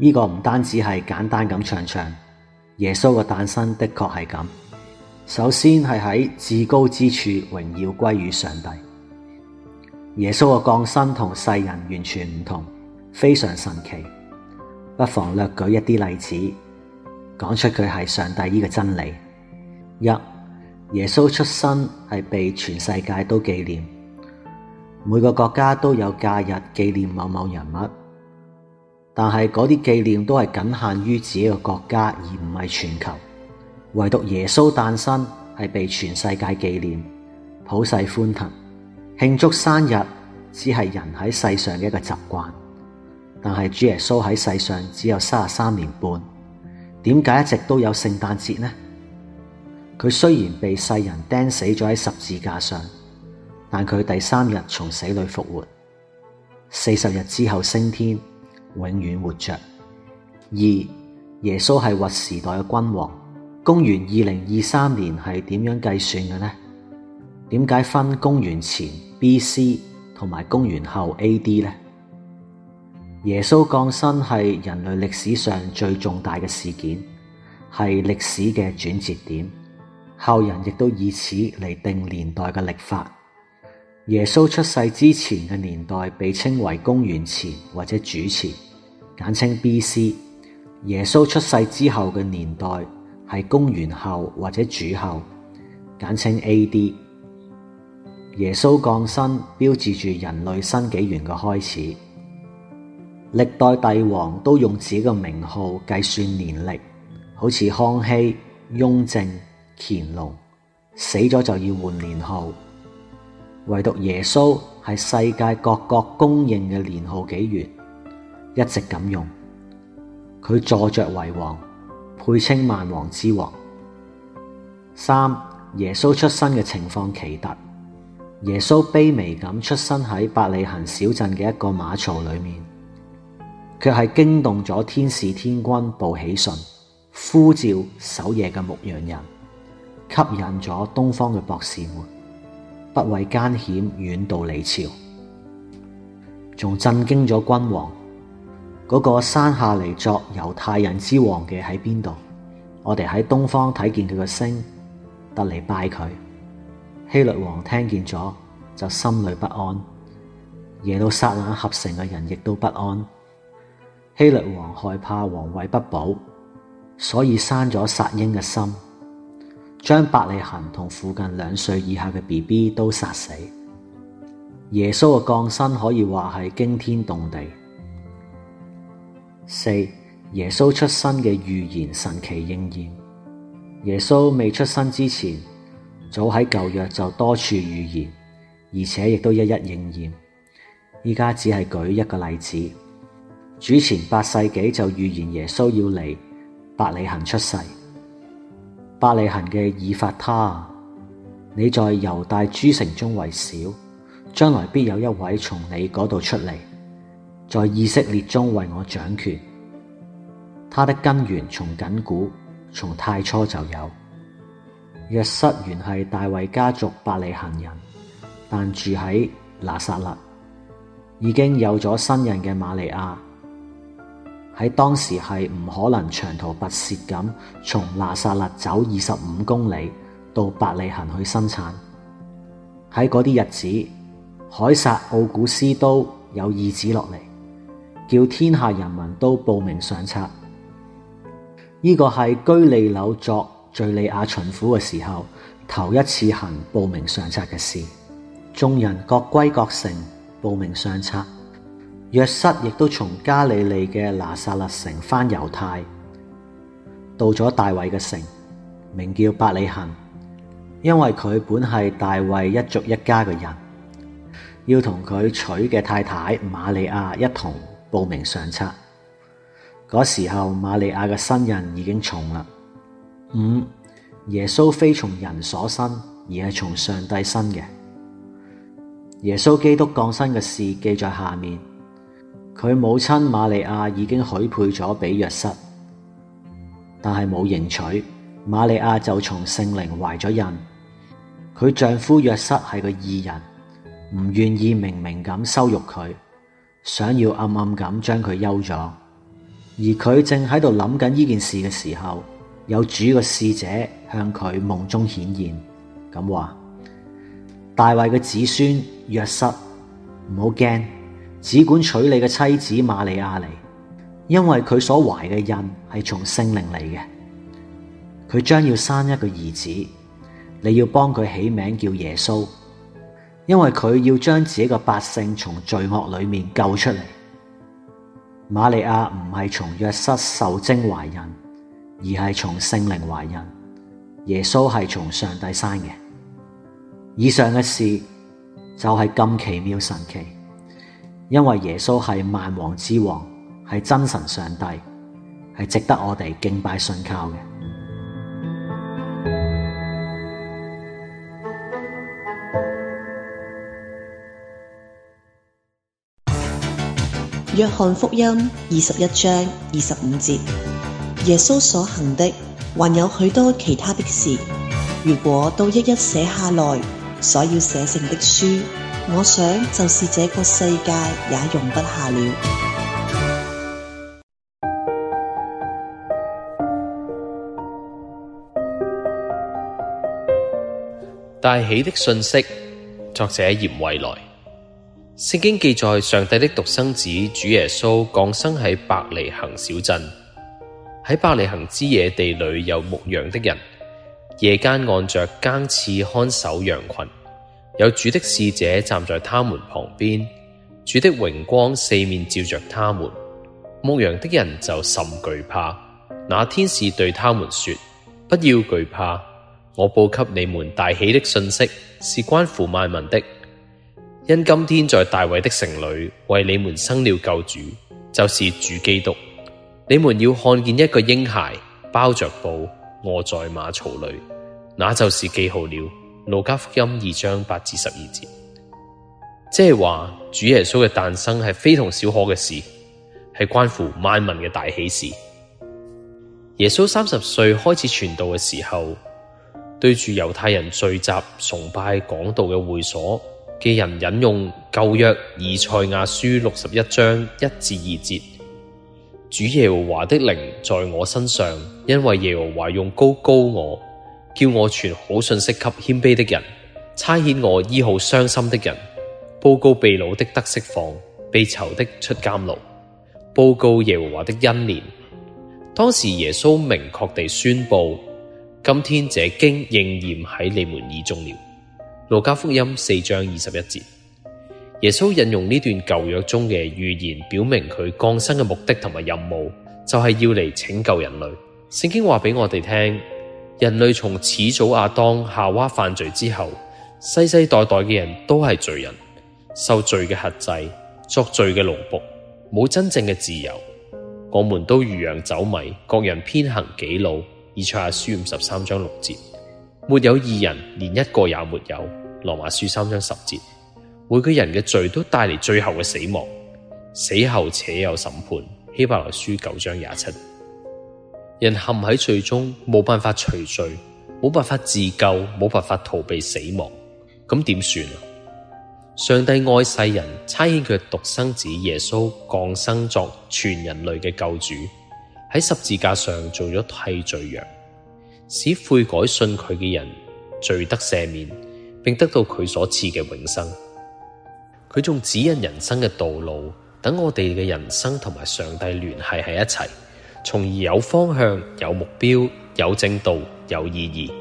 呢個唔單止係簡單咁唱唱，耶穌嘅誕生的確係咁。首先係喺至高之處榮耀歸於上帝。耶穌嘅降生同世人完全唔同，非常神奇。不妨略舉一啲例子，講出佢係上帝呢個真理。一，耶穌出生係被全世界都紀念，每個國家都有假日紀念某某人物。但係嗰啲紀念都係僅限於自己個國家，而唔係全球。唯獨耶穌誕生係被全世界紀念，普世歡騰。慶祝生日只係人喺世上嘅一個習慣。但係主耶穌喺世上只有三十三年半，點解一直都有聖誕節呢？佢雖然被世人釘死咗喺十字架上，但佢第三日從死裏復活，四十日之後升天。永遠活着。二、耶穌係劃時代嘅君王。公元二零二三年係點樣計算嘅呢？點解分公元前 B.C. 同埋公元後 A.D. 呢？耶穌降生係人類歷史上最重大嘅事件，係歷史嘅轉折點。後人亦都以此嚟定年代嘅曆法。耶穌出世之前嘅年代被稱為公元前或者主前。簡稱 B.C. 耶穌出世之後嘅年代係公元後或者主後，簡稱 A.D. 耶穌降生標誌住人類新紀元嘅開始。歷代帝王都用自己嘅名號計算年曆，好似康熙、雍正、乾隆，死咗就要換年號。唯獨耶穌係世界各國公認嘅年號紀元。一直咁用，佢坐着為王，配稱萬王之王。三、耶穌出生嘅情況奇特，耶穌卑微咁出生喺伯利恒小鎮嘅一個馬槽裏面，卻係驚動咗天使天君報喜訊，呼召守夜嘅牧羊人，吸引咗東方嘅博士們不畏艱險遠，遠道嚟朝，仲震驚咗君王。嗰個生下嚟，作猶太人之王嘅喺邊度？我哋喺東方睇見佢個星，特嚟拜佢。希律王聽見咗，就心裏不安，耶路撒冷合城嘅人亦都不安。希律王害怕王位不保，所以生咗殺嬰嘅心，將伯利恒同附近兩歲以下嘅 BB 都殺死。耶穌嘅降生可以話係驚天動地。四、耶穌出生嘅預言神奇應驗。耶穌未出生之前，早喺舊約就多處預言，而且亦都一一應驗。依家只係舉一個例子，主前八世紀就預言耶穌要嚟，伯利恒出世。伯利恒嘅以法他，你在猶大諸城中為小，將來必有一位從你嗰度出嚟，在以色列中為我掌權，他的根源從亙古從太初就有。約瑟原係大衛家族伯利恆人，但住喺拿撒勒。已經有咗新人嘅瑪利亞喺當時係唔可能長途跋涉咁從拿撒勒走二十五公里到伯利恆去生產。喺嗰啲日子，凱撒奧古斯都有旨意落嚟。叫天下人民都報名上冊，呢、這個係居利紐作敘利亞巡撫嘅時候頭一次行報名上冊嘅事。眾人各歸各城報名上冊，約瑟亦都從加利利嘅拿撒勒城翻猶太，到咗大衛嘅城，名叫伯利恆，因為佢本係大衛一族一家嘅人，要同佢娶嘅太太瑪利亞一同。報名上冊嗰時候，瑪利亞嘅身孕已經重啦。五耶穌非從人所生，而係從上帝生嘅。耶穌基督降生嘅事記在下面。佢母親瑪利亞已經許配咗俾約瑟，但係冇迎娶。瑪利亞就從聖靈懷咗孕。佢丈夫約瑟係個義人，唔願意明明咁羞辱佢。想要暗暗咁將佢休咗，而佢正喺度諗緊呢件事嘅時候，有主個使者向佢夢中顯現，咁話：大衛嘅子孫約瑟，唔好驚，只管娶你嘅妻子瑪利亞嚟。因為佢所懷嘅孕係從聖靈嚟嘅，佢將要生一個兒子，你要幫佢起名叫耶穌。因為佢要將自己個百姓從罪惡裏面救出嚟。瑪利亞唔係從約瑟受精懷孕，而係從聖靈懷孕。耶穌係從上帝生嘅。以上嘅事就係咁奇妙神奇，因為耶穌係萬王之王，係真神上帝，係值得我哋敬拜信靠嘅。約翰福音二十一章二十五節，耶穌所行的還有許多其他的事，如果都一一寫下來，所要寫成的書，我想就是這個世界也容不下了。大喜的信息，作者嚴惠來。聖經記載，上帝的獨生子主耶穌降生喺伯利恆小鎮。喺伯利恆之野地裏有牧羊的人，夜間按着更次看守羊群。有主的使者站在他們旁邊，主的榮光四面照着他們。牧羊的人就甚懼怕。那天使對他們說：不要懼怕，我報給你們大喜的信息是關乎萬民的。因今天在大衛的城裏為你們生了救主，就是主基督。你們要看見一個嬰孩包着布卧在馬槽裏，那就是記號了。路加福音二章八至十二節，即係話主耶穌嘅誕生係非同小可嘅事，係關乎萬民嘅大喜事。耶穌三十歲開始傳道嘅時候，對住猶太人聚集崇拜講道嘅會所。嘅人引用舊約以賽亞書六十一章一至二節，主耶和華的靈在我身上，因為耶和華用膏膏我，叫我傳好信息給謙卑的人，差遣我醫好傷心的人，報告被擄的得釋放，被囚的出監牢，報告耶和華的恩年。當時耶穌明確地宣布：今天這經應驗喺你們耳中了。《路加福音》四章二十一節，耶穌引用呢段舊約中嘅預言，表明佢降生嘅目的同埋任務，就係要嚟拯救人類。聖經話俾我哋聽，人類從始祖亞當、夏娃犯罪之後，世世代代嘅人都係罪人，受罪嘅轄制，作罪嘅奴僕，冇真正嘅自由。我們都如羊走迷，各人偏行己路。以賽亞書五十三章六節。沒有義人，連一個也沒有。羅馬書三章十節，每個人嘅罪都帶嚟最後嘅死亡，死後且有審判。希伯來書九章廿七，人陷喺罪中，冇辦法除罪，冇辦法自救，冇辦法逃避死亡，咁點算啊？上帝愛世人，差遣佢獨生子耶穌降生作全人類嘅救主，喺十字架上做咗替罪羊。使悔改信佢嘅人罪得赦免，並得到佢所賜嘅永生。佢仲指引人生嘅道路，等我哋嘅人生同埋上帝聯繫喺一齊，從而有方向、有目標、有正道、有意義。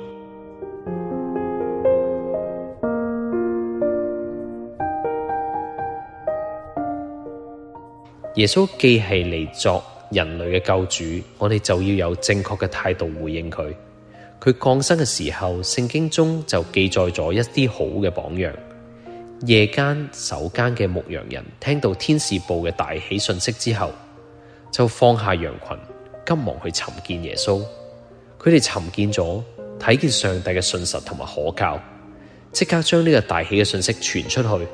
耶穌既係嚟作人類嘅救主，我哋就要有正確嘅態度回應佢。佢降生嘅時候，聖經中就記載咗一啲好嘅榜樣。夜間守間嘅牧羊人聽到天使報嘅大喜訊息之後，就放下羊群，急忙去尋見耶穌。佢哋尋見咗，睇見上帝嘅信實同埋可靠，即刻將呢個大喜嘅訊息傳出去，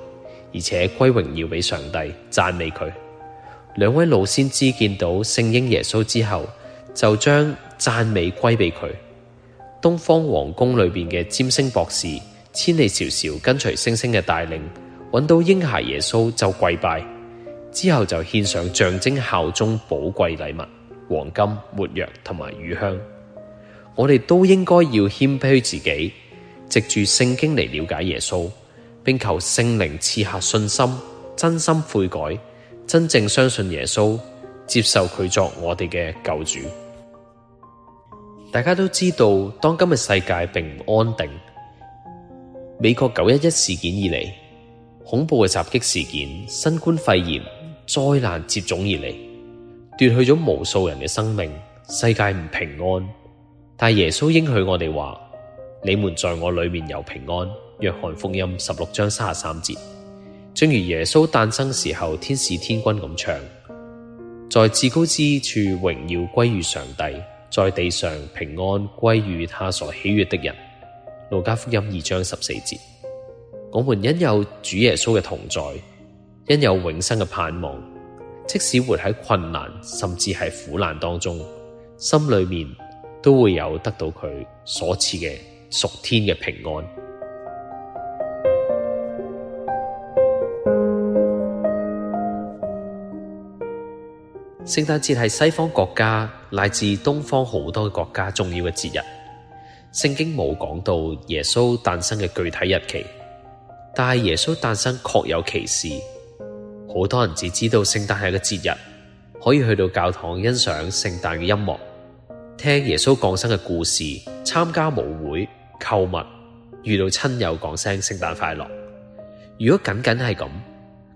而且歸榮耀俾上帝，讚美佢。兩位老先知見到聖嬰耶穌之後，就將讚美歸俾佢。東方王宮裏面嘅占星博士千里迢迢跟隨星星嘅帶領，揾到嬰孩耶穌就跪拜，之後就獻上象徵效忠寶貴禮物：黃金、沒藥同埋乳香。我哋都應該要謙卑自己，藉住聖經嚟了解耶穌，並求聖靈賜下信心、真心悔改、真正相信耶穌，接受佢做我哋嘅救主。大家都知道，當今嘅世界並唔安定。美國九一一事件以嚟，恐怖嘅襲擊事件、新冠肺炎、災難接踵而嚟，奪去咗無數人嘅生命。世界唔平安，但耶穌應許我哋話：你們在我裏面有平安。約翰福音十六章三十三節，正如耶穌誕生時候，天使天君咁唱：在至高之處，榮耀歸於上帝。在地上平安歸於他所喜悦的人，路加福音二章十四節。我們因有主耶穌嘅同在，因有永生嘅盼望，即使活喺困難，甚至係苦難當中，心裏面都會有得到佢所賜嘅屬天嘅平安。聖誕節係西方國家乃至東方好多國家重要嘅節日。聖經冇講到耶穌誕生嘅具體日期，但係耶穌誕生確有其事。好多人只知道聖誕係一個節日，可以去到教堂欣賞聖誕嘅音樂，聽耶穌降生嘅故事，參加舞會、購物，遇到親友講聲聖誕快樂。如果僅僅係咁，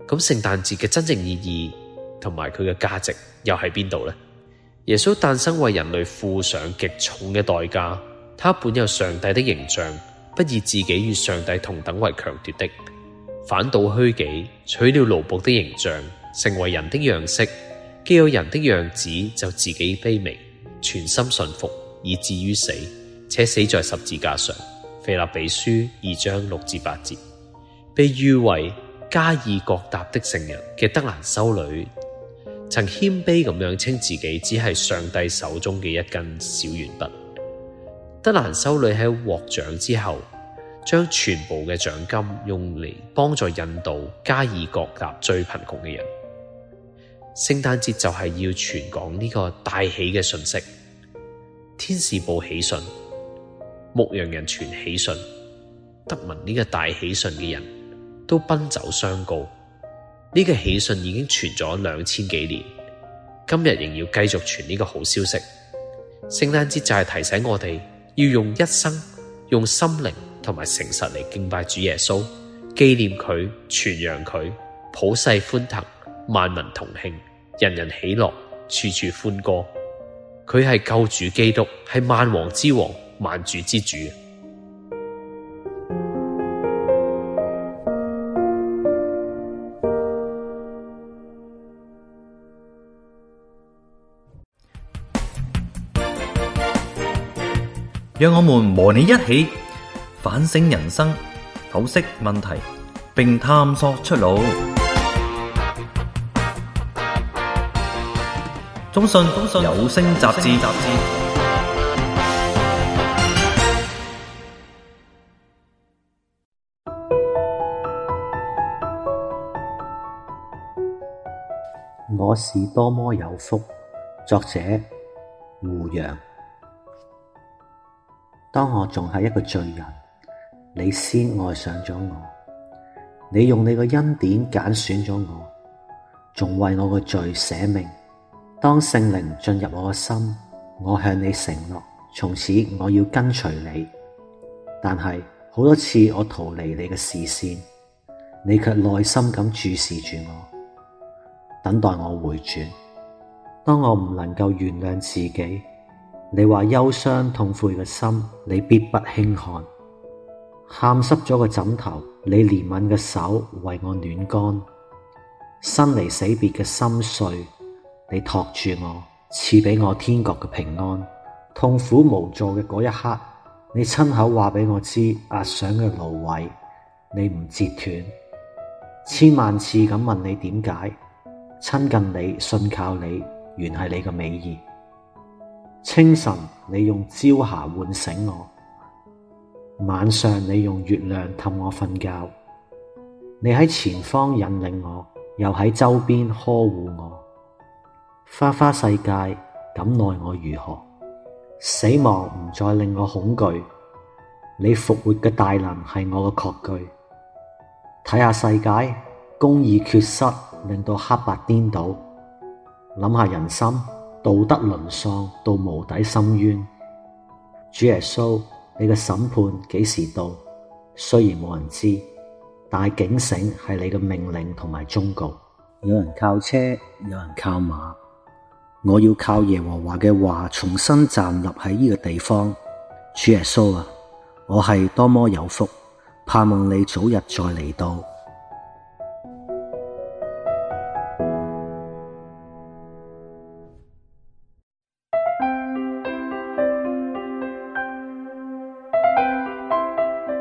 咁聖誕節嘅真正意義？同埋佢嘅價值又喺邊度呢？耶穌誕生為人類付上極重嘅代價，他本有上帝的形象，不以自己與上帝同等為強奪的，反倒虛己，取了奴僕的形象，成為人的樣式。既有人的樣子，就自己卑微，全心信服，以至於死，且死在十字架上。腓立比書二章六至八節，被譽為加爾各答的聖人嘅德蘭修女。曾謙卑咁樣稱自己只係上帝手中嘅一根小鉛筆。德蘭修女喺獲獎之後，將全部嘅獎金用嚟幫助印度加爾各答最貧窮嘅人。聖誕節就係要傳講呢個大喜嘅信息。天使報喜訊，牧羊人傳喜訊，得聞呢個大喜訊嘅人都奔走相告。呢個喜訊已經傳咗兩千幾年，今日仍要繼續傳呢個好消息。聖誕節就係提醒我哋，要用一生、用心靈同埋誠實嚟敬拜主耶穌，紀念佢、傳揚佢，普世歡騰，萬民同慶，人人喜樂，處處歡歌。佢係救主基督，係萬王之王，萬主之主。讓我們和你一起反省人生，剖析問題，並探索出路。中信中信有聲雜誌，雜誌。我是多麼有福。作者胡楊。當我仲係一個罪人，你先愛上咗我，你用你個恩典揀選咗我，仲為我個罪捨命。當聖靈進入我嘅心，我向你承諾，從此我要跟隨你。但係好多次我逃離你嘅視線，你却耐心咁注視住我，等待我回轉。當我唔能夠原諒自己。你話憂傷痛悔嘅心，你必不輕看；喊濕咗個枕頭，你憐憫嘅手為我暖乾；生離死別嘅心碎，你托住我，賜俾我天國嘅平安；痛苦無助嘅嗰一刻，你親口話俾我知，壓傷嘅蘆葦你唔折斷；千萬次咁問你點解，親近你信靠你，原係你嘅美意。清晨你用朝霞喚醒我，晚上你用月亮氹我瞓覺。你喺前方引領我，又喺周邊呵護我。花花世界咁奈我如何？死亡唔再令我恐懼。你復活嘅大能係我嘅確據。睇下世界，公義缺失，令到黑白顛倒。諗下人心。道德淪喪到無底深淵。主耶穌，你嘅審判幾時到？雖然冇人知，但係警醒係你嘅命令同埋忠告。有人靠車，有人靠馬，我要靠耶和華嘅話，重新站立喺呢個地方。主耶穌啊，我係多麼有福，盼望你早日再嚟到。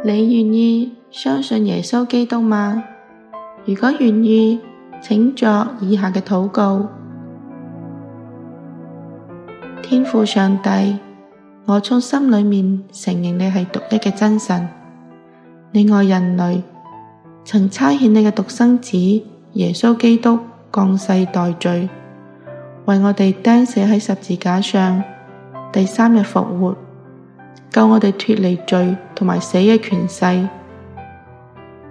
你願意相信耶穌基督嗎？如果願意，請作以下嘅禱告：天父上帝，我從心裏面承認你係獨一嘅真神，你愛人類，曾差遣你嘅獨生子耶穌基督降世代罪，為我哋釘死喺十字架上，第三日復活。救我哋脫離罪同埋死嘅權勢。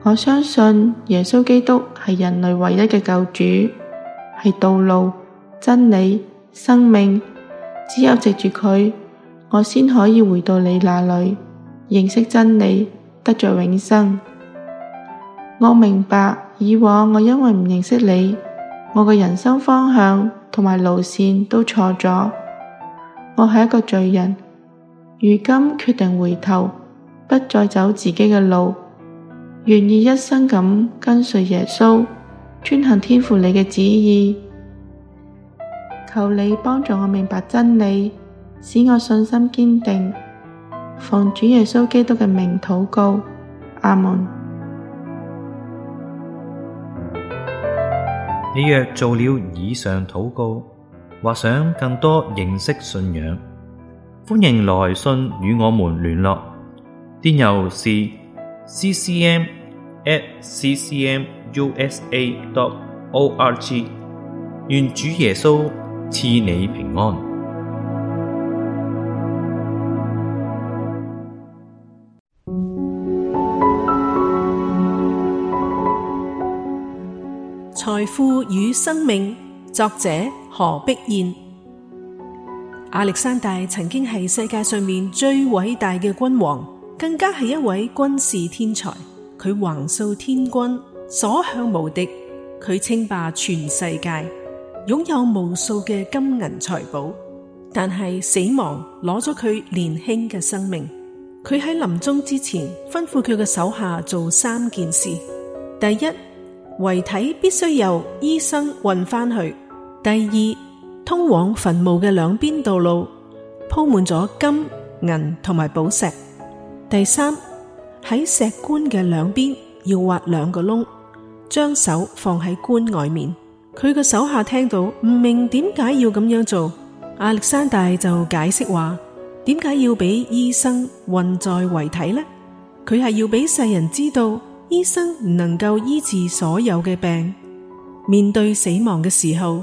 我相信耶穌基督係人類唯一嘅救主，係道路、真理、生命。只有藉住佢，我先可以回到你那裏，認識真理，得着永生。我明白以往我因為唔認識你，我嘅人生方向同埋路線都錯咗。我係一個罪人。如今決定回頭，不再走自己嘅路，願意一生咁跟隨耶穌，遵行天父你嘅旨意。求你幫助我明白真理，使我信心堅定。奉主耶穌基督嘅名禱告，阿門。你若做了以上禱告，或想更多認識信仰，歡迎來信與我們聯絡，電郵是 ccm at ccmusa dot org。願主耶穌賜你平安。財富與生命，作者何碧燕。亞歷山大曾經係世界上面最偉大嘅君王，更加係一位軍事天才。佢橫掃天軍，所向無敵。佢稱霸全世界，擁有無數嘅金銀財寶。但係死亡攞咗佢年輕嘅生命。佢喺臨終之前吩咐佢嘅手下做三件事：第一，遺體必須由醫生運返去；第二，通往墳墓嘅兩邊道路鋪滿咗金銀同埋寶石。第三，喺石棺嘅兩邊要挖兩個窿，將手放喺棺外面。佢個手下聽到唔明點解要咁樣做，亞歷山大就解釋話：點解要俾醫生運載遺體呢？佢係要俾世人知道醫生唔能夠醫治所有嘅病，面對死亡嘅時候。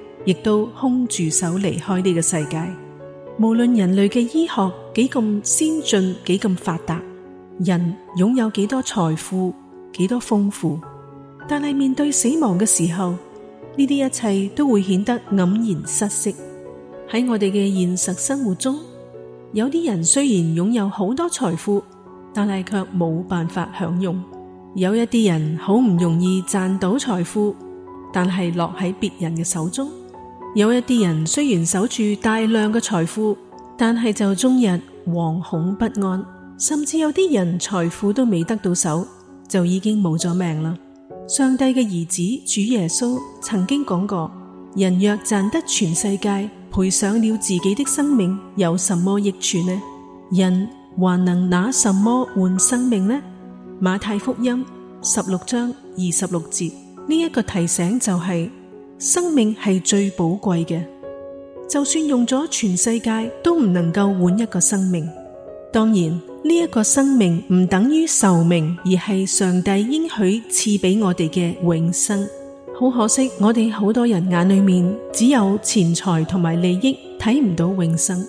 亦都空住手離開呢個世界。無論人類嘅醫學幾咁先進，幾咁發達，人擁有幾多財富，幾多豐富，但係面對死亡嘅時候，呢啲一切都會顯得黯然失色。喺我哋嘅現實生活中，有啲人雖然擁有好多財富，但係卻冇辦法享用；有一啲人好唔容易賺到財富，但係落喺別人嘅手中。有一啲人雖然守住大量嘅財富，但係就終日惶恐不安，甚至有啲人財富都未得到手，就已經冇咗命啦。上帝嘅兒子主耶穌曾經講過：人若賺得全世界，賠上了自己的生命，有什麼益處呢？人還能拿什麼換生命呢？馬太福音十六章二十六節呢一個提醒就係。生命係最寶貴嘅，就算用咗全世界都唔能夠換一個生命。當然呢一個生命唔等於壽命，而係上帝應許賜俾我哋嘅永生。好可惜，我哋好多人眼裏面只有錢財同埋利益，睇唔到永生。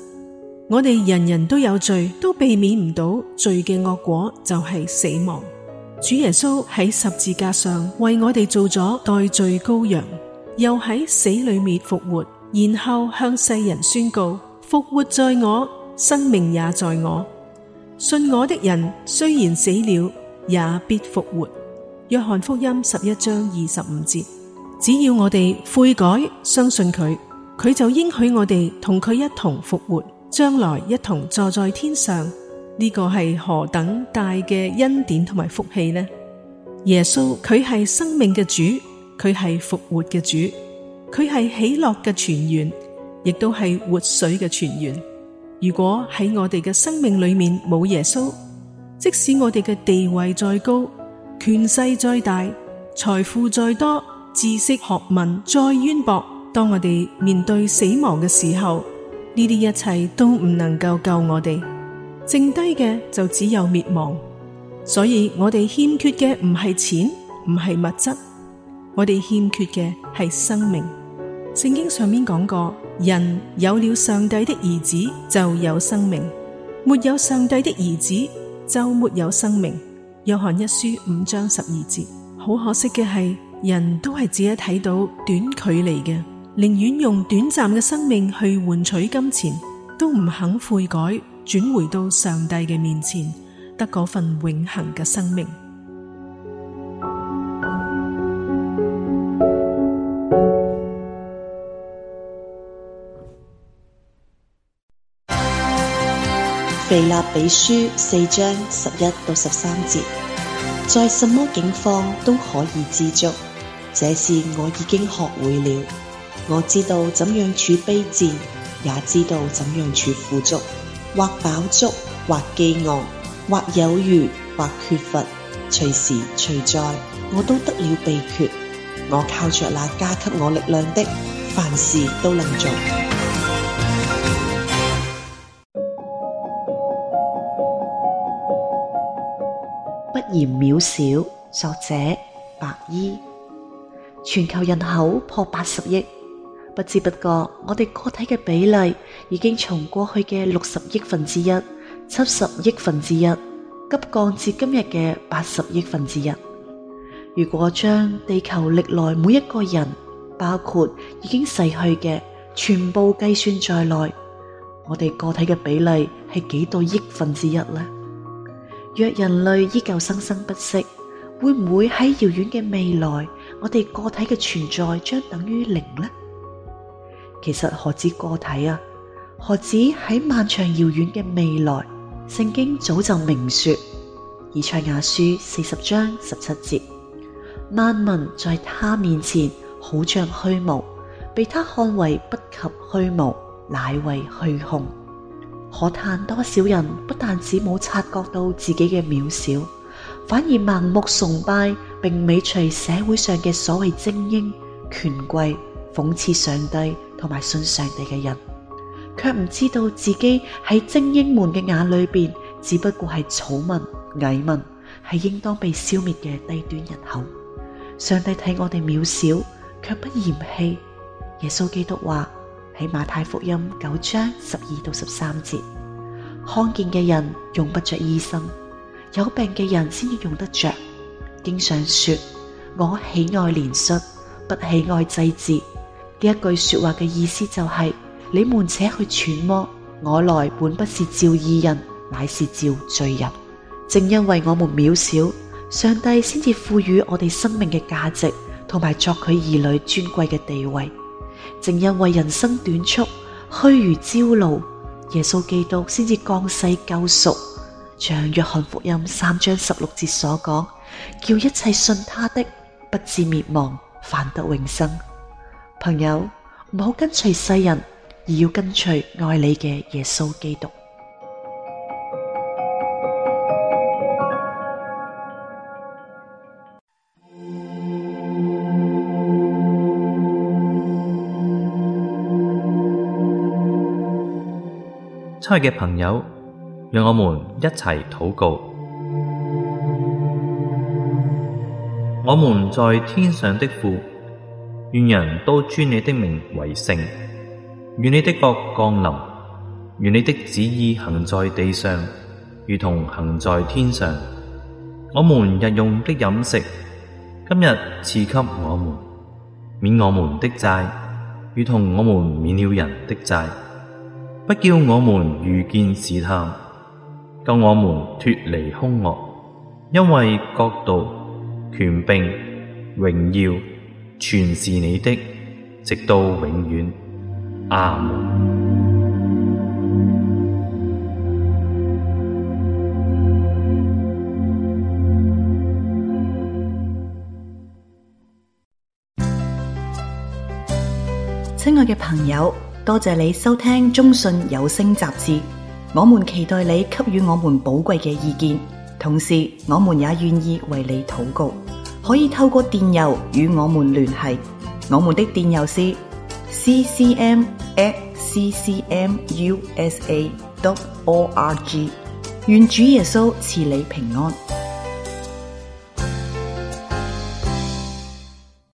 我哋人人都有罪，都避免唔到罪嘅惡果，就係死亡。主耶穌喺十字架上為我哋做咗代罪羔羊。又喺死裏面復活，然後向世人宣告：復活在我，生命也在我。信我的人雖然死了，也必復活。約翰福音十一章二十五節。只要我哋悔改，相信佢，佢就應許我哋同佢一同復活，將來一同坐在天上。呢個係何等大嘅恩典同埋福氣呢？耶穌佢係生命嘅主。佢係復活嘅主，佢係喜樂嘅泉源，亦都係活水嘅泉源。如果喺我哋嘅生命裏面冇耶穌，即使我哋嘅地位再高、權勢再大、財富再多、知識學問再淵博，當我哋面對死亡嘅時候，呢啲一切都唔能夠救我哋，剩低嘅就只有滅亡。所以我哋欠缺嘅唔係錢，唔係物質。我哋欠缺嘅係生命。聖經上面講過，人有了上帝的兒子就有生命，沒有上帝的兒子就沒有生命。約翰一書五章十二節。好可惜嘅係，人都係只一睇到短距離嘅，寧願用短暫嘅生命去換取金錢，都唔肯悔改，轉回到上帝嘅面前，得嗰份永恒嘅生命。腓立比書四章十一到十三節，在什麼境況都可以知足，這是我已經學會了。我知道怎樣處卑賤，也知道怎樣處富足，或飽足，或飢餓，或有餘，或缺乏，隨時隨在，我都得了秘訣。我靠着那加給我力量的，凡事都能做。不嫌渺小，作者白衣。全球人口破八十億，不知不覺，我哋個體嘅比例已經從過去嘅六十億分之一、七十億分之一，急降至今日嘅八十億分之一。如果將地球歷來每一個人，包括已經逝去嘅，全部計算在內，我哋個體嘅比例係幾多億分之一咧？若人類依舊生生不息，會唔會喺遙遠嘅未來，我哋個體嘅存在將等於零呢？其實何止個體啊？何止喺漫長遙遠嘅未來？聖經早就明說，以賽亞書四十章十七節：萬民在他面前好像虛無，被他看為不及虛無，乃為虛空。可嘆多少人不但只冇察覺到自己嘅渺小，反而盲目崇拜，並尾隨社會上嘅所謂精英、權貴，諷刺上帝同埋信上帝嘅人，卻唔知道自己喺精英們嘅眼裏邊，只不過係草民、蟻民，係應當被消滅嘅低端人口。上帝睇我哋渺小，卻不嫌棄。耶穌基督話。喺馬太福音九章十二到十三節，康健嘅人用不着醫生，有病嘅人先至用得着。經常說：「我喜愛憐恤，不喜愛祭祀」。呢一句說話嘅意思就係：你們且去揣摩，我來本不是召義人，乃是召罪人。正因為我們渺小，上帝先至賦予我哋生命嘅價值，同埋作佢兒女尊貴嘅地位。正因為人生短促，虛如朝露，耶穌基督先至降世救贖，像約翰福音三章十六節所講，叫一切信他的，不至滅亡，反得永生。朋友，唔好跟隨世人，而要跟隨愛你嘅耶穌基督。親愛嘅朋友，讓我們一齊禱告。我們在天上的父，願人都尊你的名為聖。願你的國降臨。願你的旨意行在地上，如同行在天上。我們日用的飲食，今日賜給我們，免我們的債，如同我們免了人的債。不叫我們遇見試探，救我們脫離兇惡，因為國度、權柄、榮耀，全是你的，直到永遠。阿門。親愛嘅朋友。多謝你收聽中信有聲雜誌，我們期待你給予我們寶貴嘅意見，同時我們也願意為你禱告。可以透過電郵與我們聯繫，我們的電郵是 ccm@ccmusa.org。願主耶穌賜你平安。